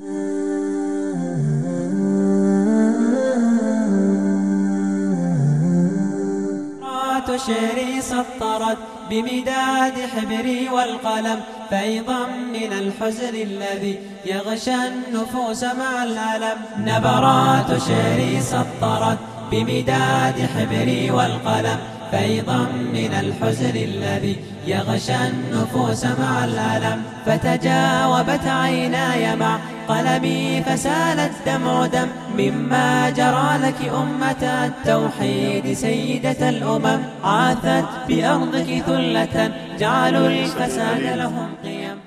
شعري سطرت بمداد حبري والقلم فيضا من الحزن الذي يغشى النفوس مع الألم نبرات شعري سطرت بمداد حبري والقلم فيضا من الحزن الذي يغشى النفوس مع الألم فتجاوبت عيناي مع قلمي فسالت دمع دم مما جرى لك أمة التوحيد سيدة الأمم عاثت بأرضك ثلة جعلوا الفساد لهم قيم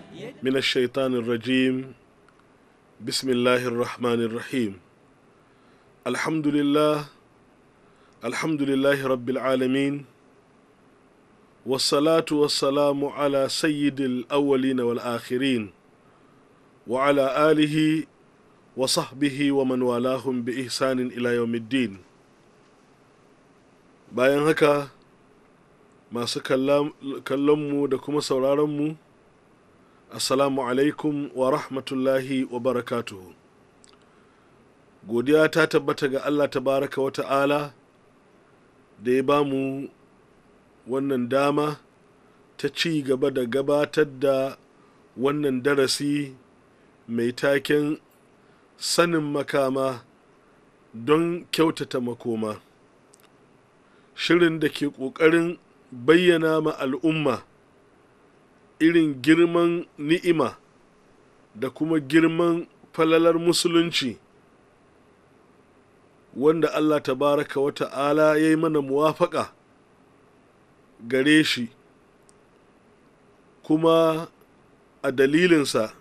من الشيطان الرجيم بسم الله الرحمن الرحيم الحمد لله alhamdulillahi rabbil alamin wasalatu wasalamu ala sayyidil awwalin wal akhirin wa alihi wa sahbihi wa man walahum bi ihsanin ila yawmiddin bayan haka masu kallon mu da kuma sauraron mu asalamu alaikum wa rahmatullahi wa barakatuhu godiya ta tabbata ga allah tabaraka wa ta'ala da ya ba mu wannan dama ta ci gaba da gabatar da wannan darasi mai taken sanin makama don kyautata makoma shirin da ke ƙoƙarin bayyana ma al'umma irin girman ni'ima da kuma girman falalar musulunci wanda Allah tabaraka wa ta'ala ya yi mana muwafaƙa gare shi kuma a dalilinsa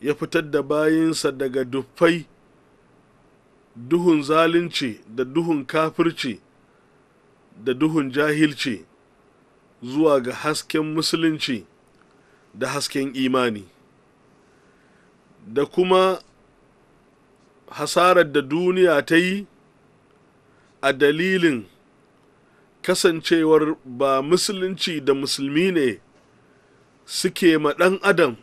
ya fitar da bayinsa daga duffai duhun zalunci da duhun kafirci da duhun jahilci zuwa ga hasken musulunci da hasken imani da kuma hasarar da duniya ta yi a dalilin kasancewar ba musulunci da musulmi ne suke ma ɗan adam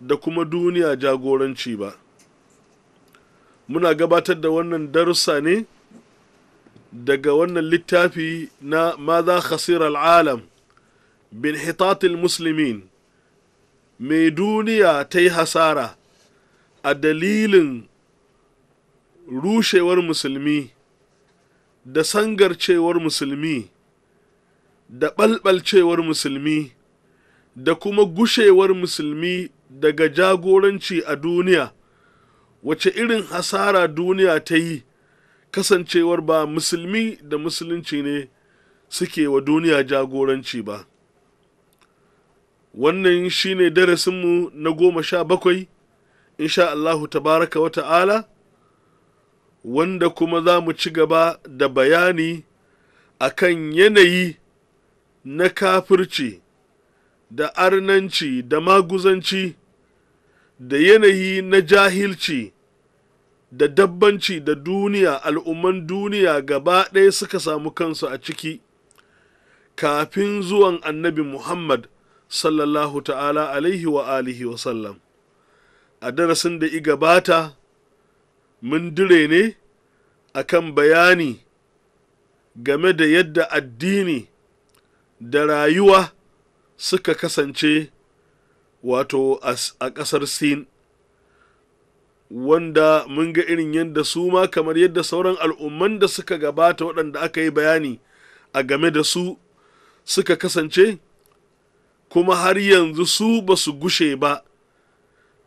da kuma duniya jagoranci ba muna gabatar da wannan darussa ne daga wannan littafi na maza khasir al'alam bin hitatil musulmin mai duniya ta yi hasara a dalilin rushewar musulmi da sangarcewar musulmi da ɓalɓalcewar musulmi da kuma gushewar musulmi daga jagoranci a duniya wace irin hasara duniya ta yi kasancewar ba musulmi da musulunci ne suke wa duniya jagoranci ba wannan shine darasinmu na goma sha bakwai insha Allahu tabaraka wa ta'ala wanda kuma za mu ci gaba da bayani a kan yanayi na kafirci da arnanci da maguzanci da yanayi na jahilci da dabbanci da duniya al'umman duniya gaba ɗaya suka samu kansu a ciki kafin zuwan annabi muhammad sallallahu ta'ala alaihi wa alihi wa sallam a darasin da i gabata mun dire ne akan bayani game da yadda addini da rayuwa suka kasance wato a ƙasar sin wanda mun ga irin yadda su ma kamar yadda sauran al'umman da suka gabata waɗanda aka yi bayani a game da su suka kasance kuma har yanzu su ba su gushe ba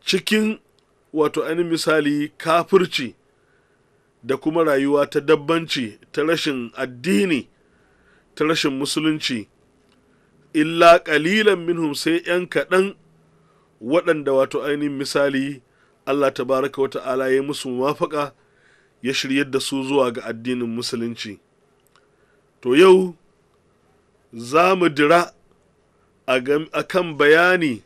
cikin wato ainihin misali kafirci da kuma rayuwa ta dabbanci ta rashin addini ta rashin musulunci illa ƙalilan minhum sai 'yan kaɗan waɗanda wato ainihin misali Allah tabaraka wa ta'ala ya musu mafaka ya shiryar da su zuwa ga addinin musulunci to yau za mu dira a kan bayani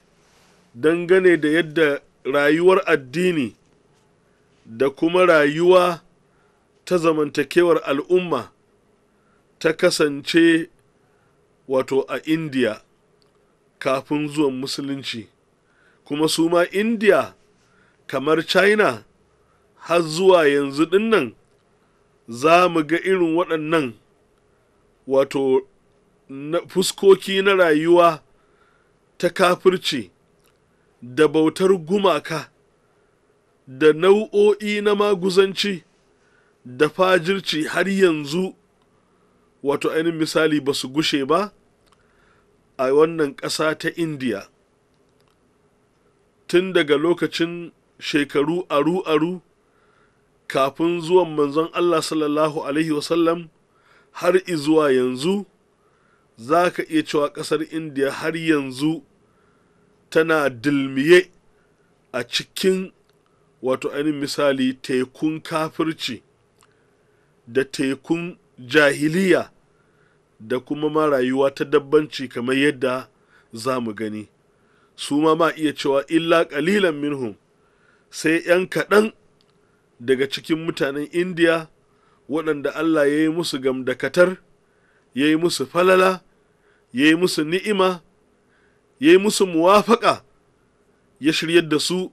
dangane da yadda rayuwar addini da kuma rayuwa ta zamantakewar al'umma ta kasance wato a indiya kafin zuwan musulunci kuma su ma indiya kamar china har zuwa yanzu dinnan za mu ga irin waɗannan wato fuskoki na rayuwa ta kafirci da bautar gumaka da nau'o'i na maguzanci da fajirci har yanzu wato ainihin misali ba su gushe ba a wannan ƙasa ta indiya tun daga lokacin shekaru aru-aru kafin zuwan manzon allah sallallahu alaihi wasallam har izuwa yanzu za ka iya cewa ƙasar indiya har yanzu tana dilmiye a cikin wato ainihin misali tekun kafirci da tekun jahiliya da kuma ma rayuwa ta dabbanci kamar yadda za mu gani su ma ma iya cewa illa ƙalilan minhum sai 'yan kaɗan daga cikin mutanen indiya waɗanda allah ya yi musu gamdakatar ya yi musu falala ya yi musu ni'ima ya yi musu muwafaƙa ya shiryar da su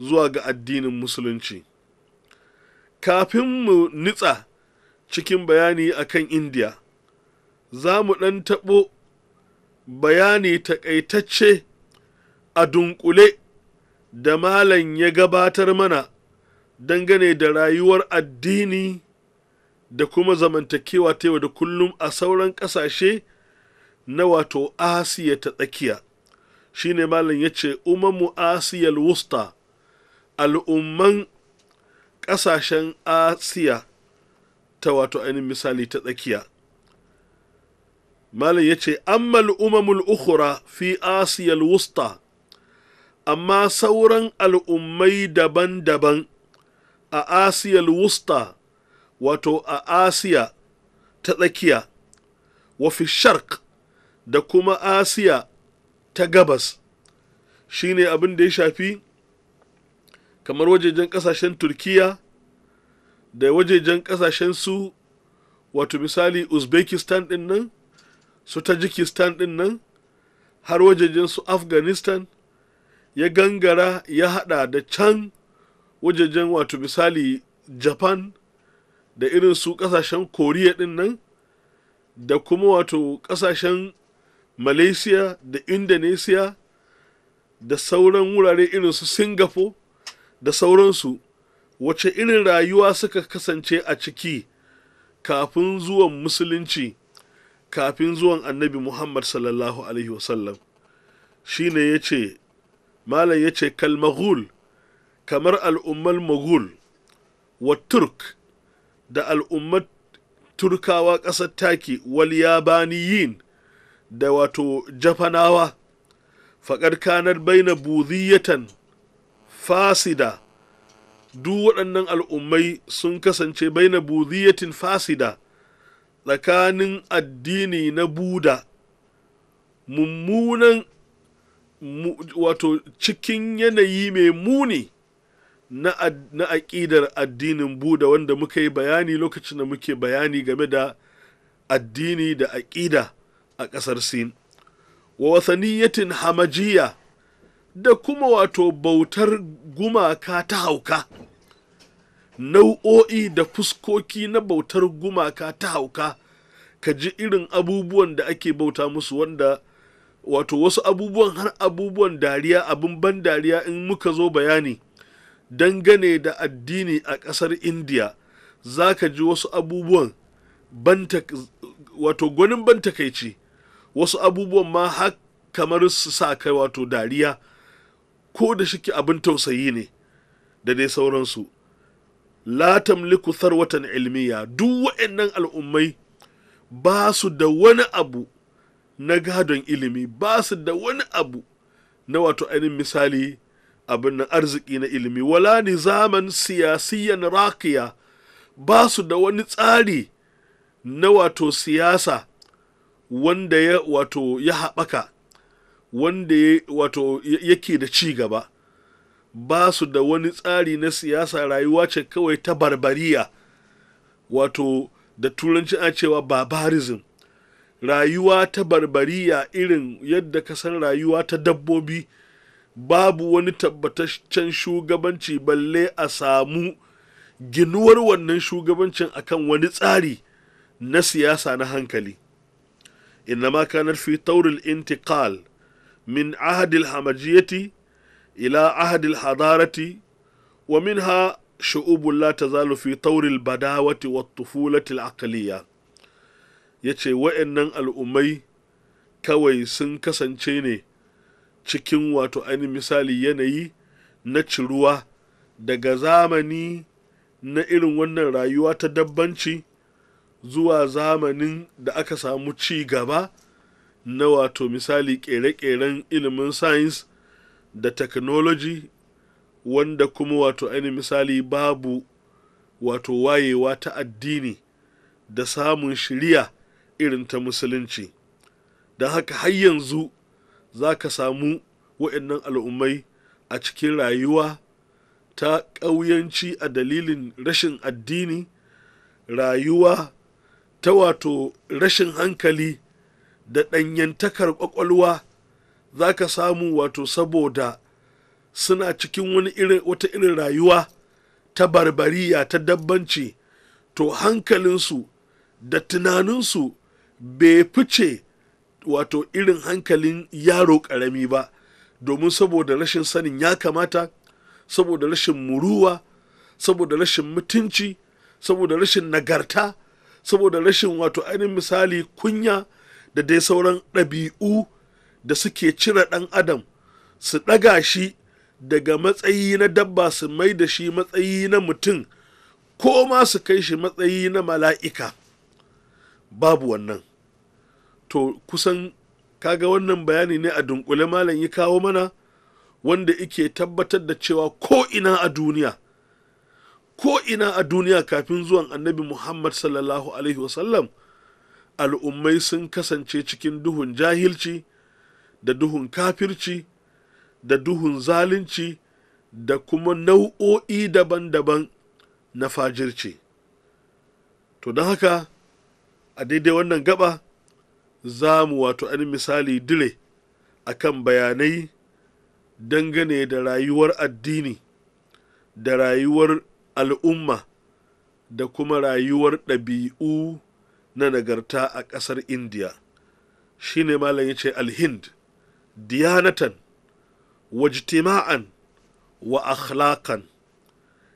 zuwa ga addinin musulunci kafin mu nitsa cikin bayani a kan indiya za mu ɗan taɓo bayani taƙaitacce a dunkule da malam ya gabatar mana dangane da rayuwar addini da kuma zamantakewa ta yau da kullum a sauran ƙasashe na wato asiya ta tsakiya shine malam ya ce umamu asiyal wusta al'umman ƙasashen asiya ta wato ainihin misali ta tsakiya malam ya ce ammal umamul ukhra fi asiyal wusta amma sauran al'ummai daban-daban a asiyal wusta wato a asiya ta tsakiya wa fi shark da kuma asiya ta gabas shine abin da ya shafi kamar wajejen kasashen turkiya da wajejen kasashen su wato misali uzbekistan din nan su tajikistan din nan har wajejen su afghanistan ya gangara ya haɗa da can wajejen wato misali japan da irin su kasashen koriya din nan da kuma wato kasashen malaysia da indonesia da sauran wurare irin su singapore da sauransu wace irin rayuwa suka kasance a ciki kafin zuwan musulunci kafin zuwan annabi muhammad sallallahu alaihi wasallam shi ya ce malam ya ce kalmagul kamar al'ummar Mughul wa turk da al'ummar turkawa ƙasar taki wal yabaniyin da wato jafanawa faƙar kanar baina buziyatan fasida duk waɗannan al'ummai sun kasance baina buziyatin fasida tsakanin addini na buda mummunan wato cikin yanayi mai muni na aƙidar addinin buda wanda muka yi bayani lokacin da muke bayani game da addini da aƙida a ƙasar sin wa wasaniyatin hamajiya da kuma wato bautar gumaka ta hauka nau'o'i da fuskoki na bautar gumaka ta hauka ka ji irin abubuwan da ake bauta musu wanda wato wasu abubuwan har abubuwan dariya abin ban dariya in muka zo bayani dangane da addini a ƙasar indiya za ka ji wasu abubuwan wato gwanin ban takaici wasu abubuwan ma har kamar su sa kai wato dariya ko da shike abin tausayi ne da dai sauransu la tamliku tharwatan ilmiya duk wa'annan al'ummai ba su da wani abu na gadon ilimi ba su da wani abu na wato ainihin misali abin na arziki na ilimi wala zaman siyasiyan rakiya ba su da wani tsari na wato siyasa wanda ya wato ya haɓaka wanda ya wato yake da ci gaba ba su da wani tsari na siyasa rayuwa ce kawai ta barbariya wato da turanci a cewa barbarism rayuwa ta barbariya irin yadda ka san rayuwa ta dabbobi babu wani tabbataccen shugabanci balle a samu ginuwar wannan shugabancin akan wani tsari na siyasa na hankali إنما كانت في طور الانتقال من عهد الحمجية إلى عهد الحضارة ومنها شعوب لا تزال في طور البداوة والطفولة العقلية يتشي وإنن الأمي كوي سنكسن تشيني cikin wato ainihin misali yanayi na ciruwa daga zamani na irin wannan rayuwa ta dabbanci zuwa zamanin da aka samu ci gaba na wato misali kere-keren ilimin science da technology wanda kuma wato ainihin misali babu wato wayewa ta addini da samun shirya irin ta musulunci da haka har yanzu za ka samu wa'annan al'ummai a cikin rayuwa ta ƙauyanci a dalilin rashin addini rayuwa ta wato rashin hankali da ɗanyantakar ƙwaƙwalwa za ka samu wato saboda suna cikin wani irin wata irin rayuwa ta barbariya ta dabbanci to hankalinsu da tunaninsu bai fice wato irin hankalin yaro ƙarami ba domin saboda rashin sanin ya kamata saboda rashin muruwa saboda rashin mutunci saboda rashin nagarta saboda rashin wato ainihin misali kunya da dai sauran ɗabi'u da suke cire ɗan adam su ɗaga shi daga matsayi na dabba su mai da shi matsayi na mutum ko ma su kai shi matsayi na mala'ika babu wannan to kusan kaga wannan bayani ne a dunkule malam ya kawo mana wanda ike tabbatar da cewa ko ina a duniya ko ina a duniya kafin zuwan annabi muhammad sallallahu alaihi wasallam al'ummai sun kasance cikin duhun jahilci da duhun kafirci da duhun zalunci da kuma nau'o'i daban-daban na fajirci to don haka a daidai wannan gaba za mu wato an misali dire a kan bayanai dangane da rayuwar addini da rayuwar al'umma da kuma rayuwar ɗabi'u na nagarta a ƙasar indiya shi ne malam ya ce alhind diyanatan Wajitima'an, wa akhlaqan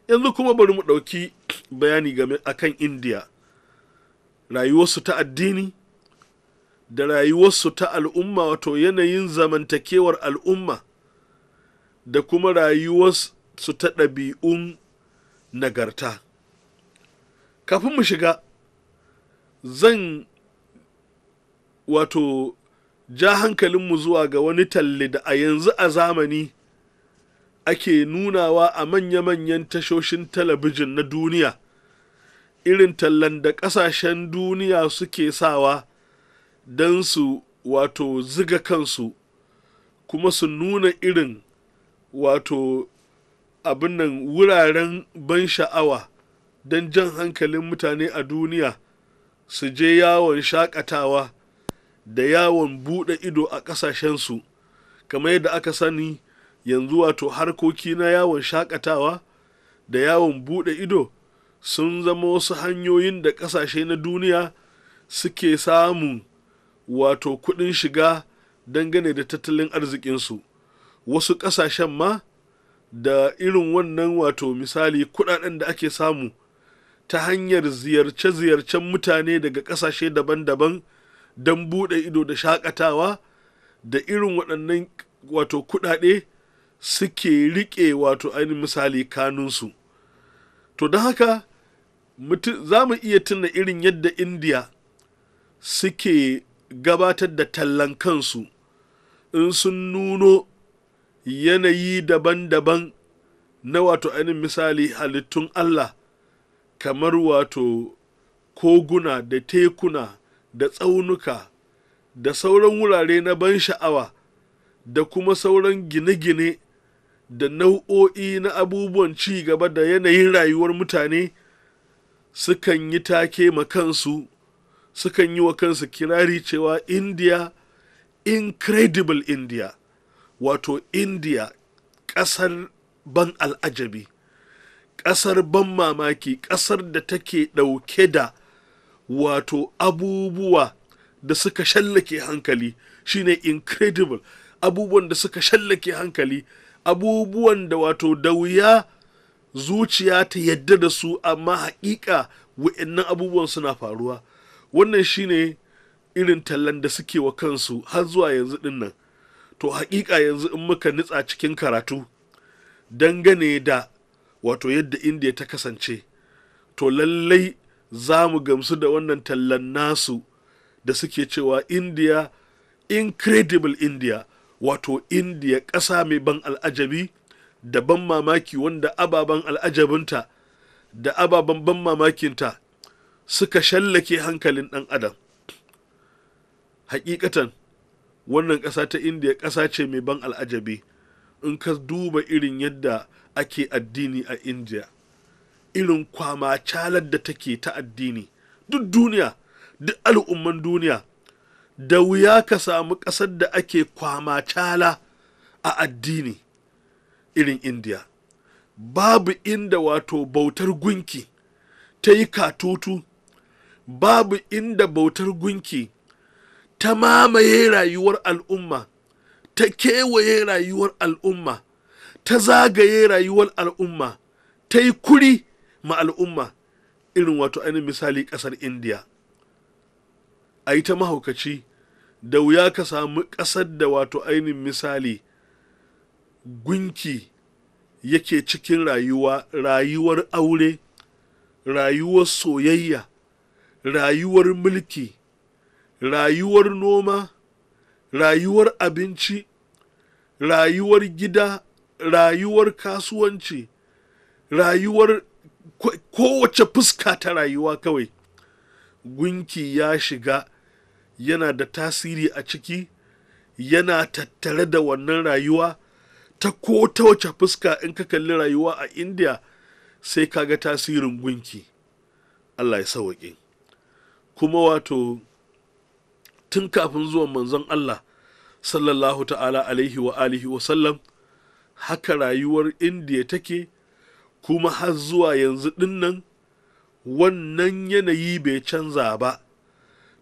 yanzu kuma bari mu ɗauki bayani game a kan indiya rayuwarsu ta addini da rayuwarsu ta al'umma wato yanayin zamantakewar al'umma da kuma rayuwarsu ta ɗabi'un nagarta kafin mu shiga zan wato ja hankalinmu zuwa ga wani talle da a yanzu a zamani ake nunawa a manya-manyan tashoshin talabijin na duniya irin tallan da ƙasashen duniya suke sawa don su wato ziga kansu kuma su nuna irin wato abin nan wuraren ban sha'awa don jan hankalin mutane a duniya su je yawon shakatawa da yawon buɗe ido a ƙasashensu kamar yadda aka sani yanzu wato harkoki na yawon shakatawa da yawon buɗe ido sun zama wasu hanyoyin da ƙasashe na duniya suke samun wato kuɗin shiga dangane da tattalin arzikinsu wasu ƙasashen ma da irin wannan wato misali kudaden da ake samu ta hanyar ziyarce-ziyarcen mutane daga ƙasashe daban-daban don buɗe ido da shakatawa da irin waɗannan wato kuɗaɗe suke riƙe wato ainihin misali kanunsu to don haka za mu iya tuna irin yadda indiya suke gabatar da tallan kansu in sun nuno yanayi daban-daban na wato ainihin misali halittun Allah kamar wato koguna da tekuna da tsaunuka da sauran wurare na ban sha'awa da kuma sauran gine-gine da nau'o'i na abubuwan ci gaba da yanayin rayuwar mutane sukan yi take makansu sukan yi wa kansu kirari cewa india incredible india wato india ƙasar ban al'ajabi ƙasar ban mamaki ƙasar da take ɗauke da wato abubuwa da suka shallake hankali shine incredible abubuwan da suka shallake hankali abubuwan da wato da wuya zuciya ta yadda da su amma haƙiƙa wa'annan abubuwan suna faruwa wannan shine irin tallan da suke wa kansu har zuwa yanzu ɗin nan. to hakika yanzu in muka nitsa cikin karatu dangane da wato yadda indiya ta kasance to lallai za mu gamsu da wannan tallan nasu da suke cewa indiya incredible india wato indiya ƙasa mai ban al'ajabi da ban mamaki wanda ababen al'ajabinta da ababen ban mamakinta suka shallake hankalin ɗan adam hakikatan wannan ƙasa ta indiya ƙasa ce mai ban al'ajabi in ka duba irin yadda ake addini a indiya irin kwama calar da take ta addini duk duniya duk al'umman duniya da wuya ka samu ƙasar da ake kwama cala a addini irin indiya babu inda wato bautar gunki ta yi katutu babu inda bautar gunki ta mamaye rayuwar al'umma ta kewaye rayuwar al'umma ta zagaye rayuwar al'umma ta yi kuri ma al'umma irin wato ainihin misali ƙasar indiya a yi ta mahaukaci da wuya ka samu ƙasar da wato ainihin misali gunki yake cikin rayuwa rayuwar aure rayuwar soyayya rayuwar mulki rayuwar noma rayuwar abinci rayuwar gida rayuwar kasuwanci rayuwar kowace fuska ta rayuwa kawai gunki ya shiga yana da tasiri a ciki yana tattare da wannan rayuwa ta ko ta wace fuska in ka kalli rayuwa a india sai ka ga tasirin gunki allah ya sawaƙe kuma wato tun kafin zuwan manzon Allah sallallahu ta'ala alaihi wa alihi wa sallam haka rayuwar indiya take kuma har zuwa yanzu dinnan wannan yanayi bai canza ba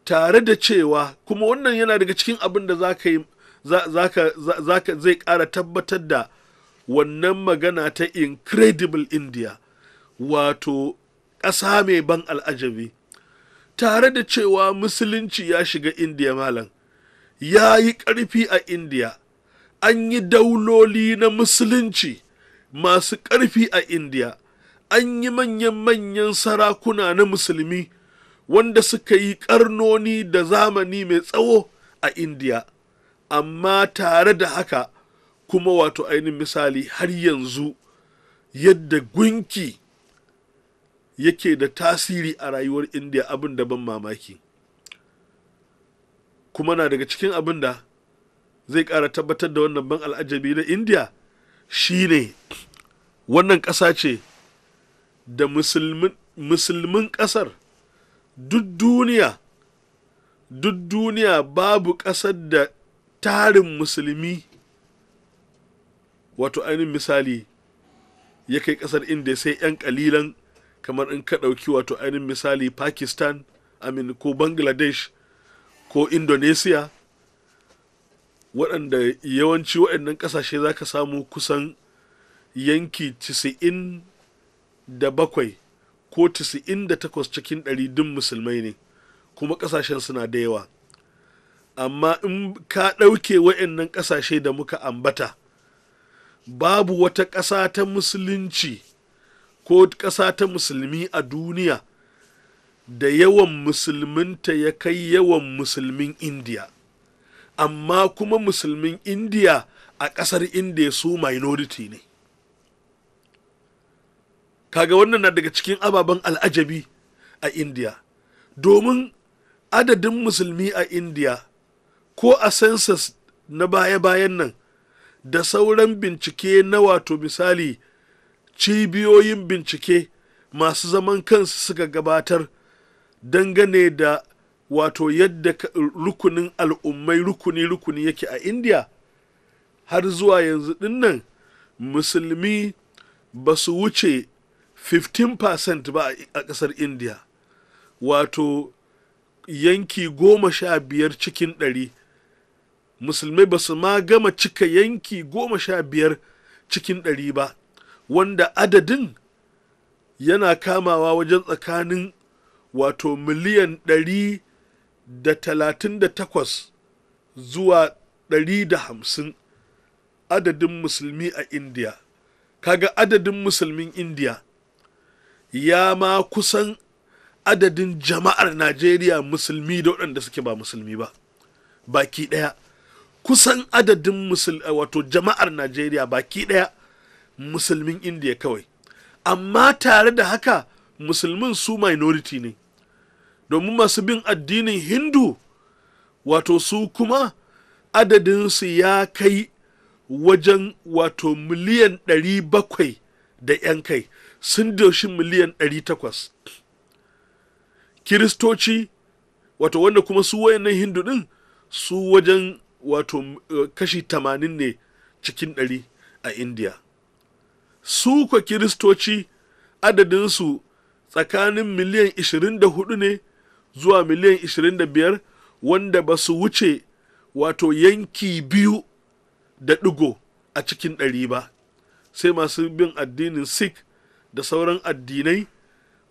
tare da cewa kuma wannan yana daga cikin abin da zaka zai ƙara tabbatar da wannan magana ta incredible india wato ƙasa mai ban al'ajabi tare da cewa musulunci ya shiga indiya malam ya yi ƙarfi a indiya an yi dauloli na musulunci masu ƙarfi a indiya an yi manyan-manyan sarakuna na musulmi wanda suka yi ƙarnoni da zamani mai tsawo a indiya amma tare da haka kuma wato ainihin misali har yanzu yadda gunki yake da tasiri a rayuwar indiya abin da ban mamaki kuma na daga cikin abin da zai kara tabbatar da wannan ban al'ajabi na indiya shine wannan ƙasa ce da musulmin ƙasar duk duniya duk duniya babu ƙasar da tarin musulmi wato ainihin misali ya kai ƙasar indiya sai 'yan ƙalilan kamar in ka ɗauki wato ainihin misali pakistan amin ko bangladesh ko indonesia waɗanda yawanci waɗannan ƙasashe za ka samu kusan yanki 97 ko 98 cikin ɗari dun musulmai ne kuma ƙasashen suna da yawa amma in ka ɗauke waɗannan ƙasashe da muka ambata babu wata ƙasa ta musulunci ko ƙasa ta musulmi a duniya da yawan musulminta ya kai yawan musulmin indiya amma kuma musulmin indiya a ƙasar indiya su minority ne kaga wannan na daga cikin ababen al'ajabi a indiya domin adadin musulmi a indiya ko a census na baya-bayan nan da sauran bincike na wato misali cibiyoyin bincike masu zaman kansu suka gabatar dangane da wato yadda rukunin al'ummai rukuni-rukuni yake a indiya har zuwa yanzu dinnan musulmi ba su wuce 15% ba a ƙasar indiya wato yanki goma sha biyar cikin ɗari musulmai ba su ma gama cika yanki goma sha biyar cikin ɗari ba wanda adadin yana kamawa wajen tsakanin wato miliyan ɗari da talatin da zuwa ɗari da hamsin adadin musulmi a indiya kaga adadin musulmin indiya ya ma kusan adadin jama'ar najeriya musulmi da waɗanda suke ba musulmi ba baki ɗaya kusan adadin wato jama'ar najeriya baki ɗaya musulmin indiya kawai amma tare da haka musulmin su minority ne domin masu bin addinin hindu wato su kuma adadinsu ya kai wajen wato miliyan 700 da 'yan kai sun doshi miliyan 800 kiristoci wato wanda kuma su wayannan hindu din su wajen wato eh, kashi 80 ne cikin 100 a indiya su kwa kiristoci adadinsu tsakanin miliyan 24 ne zuwa miliyan 25 wanda ba su wuce wato yanki biyu da ɗigo a cikin ɗari ba sai masu bin addinin sikh da sauran addinai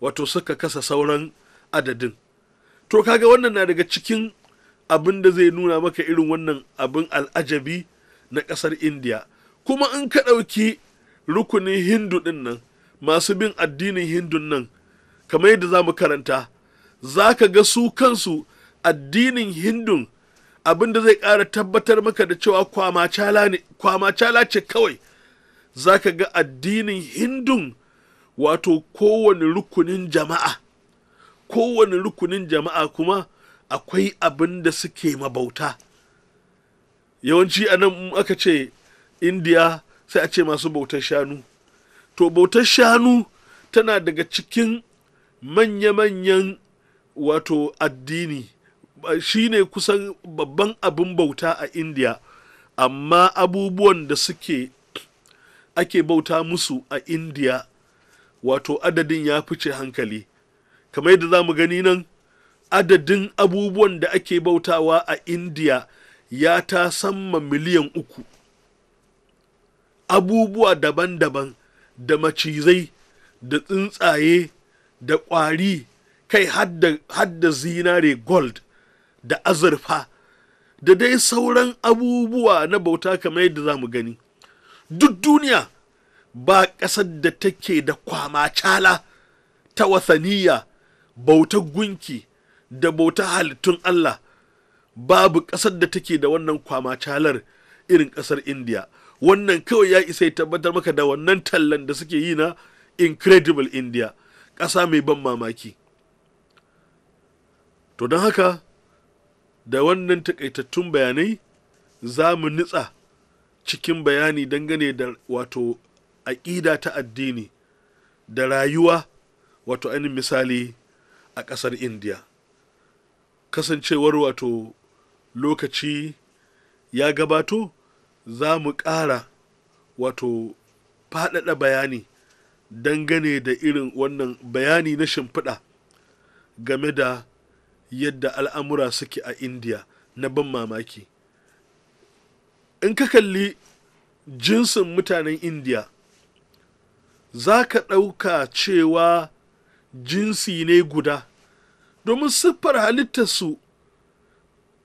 wato suka kasa sauran adadin to kaga wannan na daga cikin abin da zai nuna maka irin wannan abin al'ajabi na ƙasar indiya kuma in ka ɗauki rukunin hindu ɗin nan masu bin addinin hindun nan kamar yadda za mu karanta za ka ga su kansu addinin hindun abin da zai ƙara tabbatar maka da cewa kwamacala ce kawai za ka ga addinin hindun wato kowane rukunin jama'a kowane rukunin jama'a kuma akwai abin da suke mabauta yawanci a nan aka ce indiya sai a ce masu bautar shanu to bautar shanu tana daga cikin manya-manyan wato addini shi ne kusan babban abin bauta a India, amma abubuwan da suke ake bauta musu a India wato adadin ya fice hankali kamar yadda za mu gani nan adadin abubuwan da ake bautawa a India ya ta samma miliyan uku abubuwa daban-daban da macizai da tsuntsaye da ƙwari kai hadda zinare gold da azurfa da dai sauran abubuwa na bauta kamar yadda za mu gani duk duniya ba ƙasar da take da kwamacala ta wasaniya bautar gunki da bautar halittun Allah babu ƙasar da take da wannan kwamacalar irin ƙasar indiya wannan kawai ya isa ya tabbatar maka da wannan tallan da suke yi na incredible india ƙasa mai ban mamaki to don haka da wannan takaitattun bayanai za mu nitsa cikin bayani dangane da wato aƙida ta addini da rayuwa wato ainihin misali a ƙasar india, kasancewar wato lokaci ya gabato za mu ƙara wato faɗaɗa bayani dangane da irin wannan bayani na shimfiɗa game da yadda al'amura suke a indiya na ban mamaki in ka kalli jinsin mutanen indiya za ka ɗauka cewa jinsi ne guda domin siffar halittarsu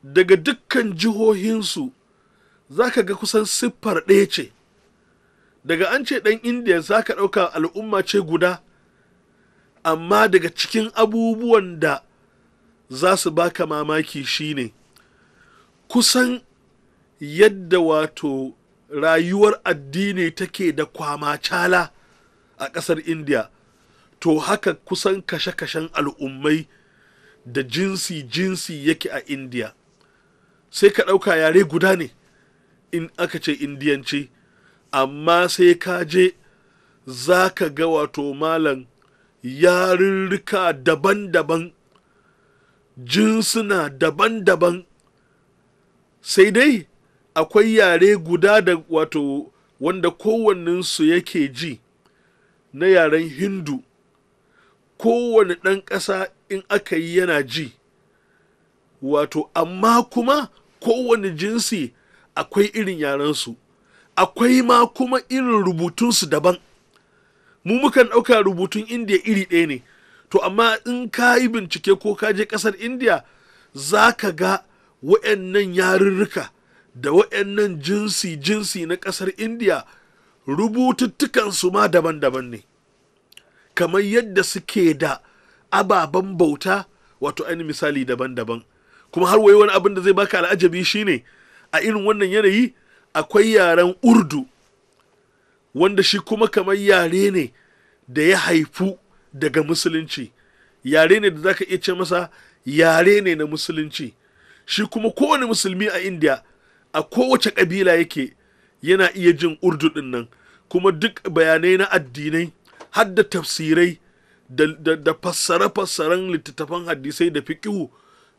daga dukkan jihohinsu za ka ga kusan siffar ɗaya ce daga an ce ɗan indiya za ka ɗauka al'umma ce guda amma daga cikin abubuwan da za su baka mamaki shine kusan yadda wato rayuwar addini take da kwamacala a ƙasar indiya to haka kusan kashe-kashen al'ummai da jinsi-jinsi yake a indiya sai ka ɗauka yare guda ne in aka ce indiyanci amma sai ka je za ka ga wato malam yarurruka daban-daban jinsuna daban-daban sai dai akwai yare guda da wato wanda kowanninsu yake ji na yaren hindu kowane ɗan ƙasa in aka yi yana ji wato amma kuma kowane jinsi akwai irin yarensu akwai ma kuma irin rubutunsu daban mu mukan ɗauka rubutun indiya iri ɗaya ne to amma in ka yi bincike ko ka je ƙasar indiya za ka ga wa'annan yarurruka da wa'annan jinsi jinsi na ƙasar indiya rubututtukansu ma daban-daban ne kamar yadda suke da ababen bauta wato ainihin misali daban-daban kuma har wani abin da zai baka al'ajabi shine a irin wannan yanayi akwai yaren urdu wanda shi kuma kamar yare ne da ya haifu daga musulunci yare ne da ka iya ce masa yare ne na musulunci shi kuma kowane musulmi a india a kowace ƙabila yake yana iya jin urdu ɗin nan kuma duk bayanai na addinai har da tafsirai da, fassare-fassaren littattafan hadisai da fikihu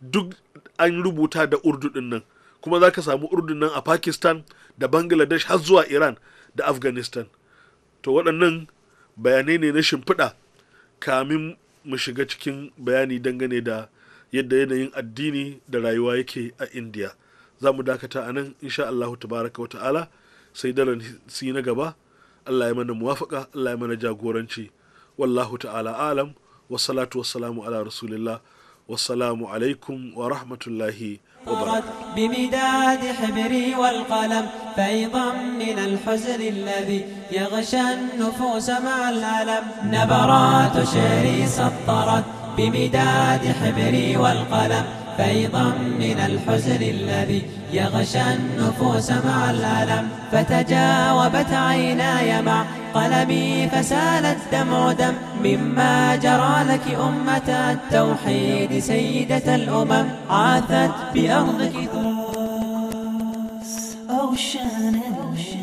duk an rubuta da urdu ɗin nan kuma za ka samu urdun nan a pakistan da bangladesh har zuwa iran da afghanistan to waɗannan bayanai ne na shimfiɗa kamin mu shiga cikin bayani dangane da yadda yanayin addini da rayuwa yake a indiya za mu dakata a nan insha allah tabaraka wa ta'ala sai daren si na gaba allah ya mana muwafaka allah ya mana jagoranci wallahu ta'ala alam wasalatu wassalamu ala rasulillah wassalamu alaikum wa rahmatullahi طغت بمداد حبري والقلم فيضا من الحزن الذي يغشى النفوس مع الألم نبرات شعري سطرت بمداد حبري والقلم فيضا من الحزن الذي يغشى النفوس مع الألم فتجاوبت عيناي مع قلمي فسالت دمع دم مما جرى لك أمة التوحيد سيدة الأمم عاثت بأرضك ثوس أغشانا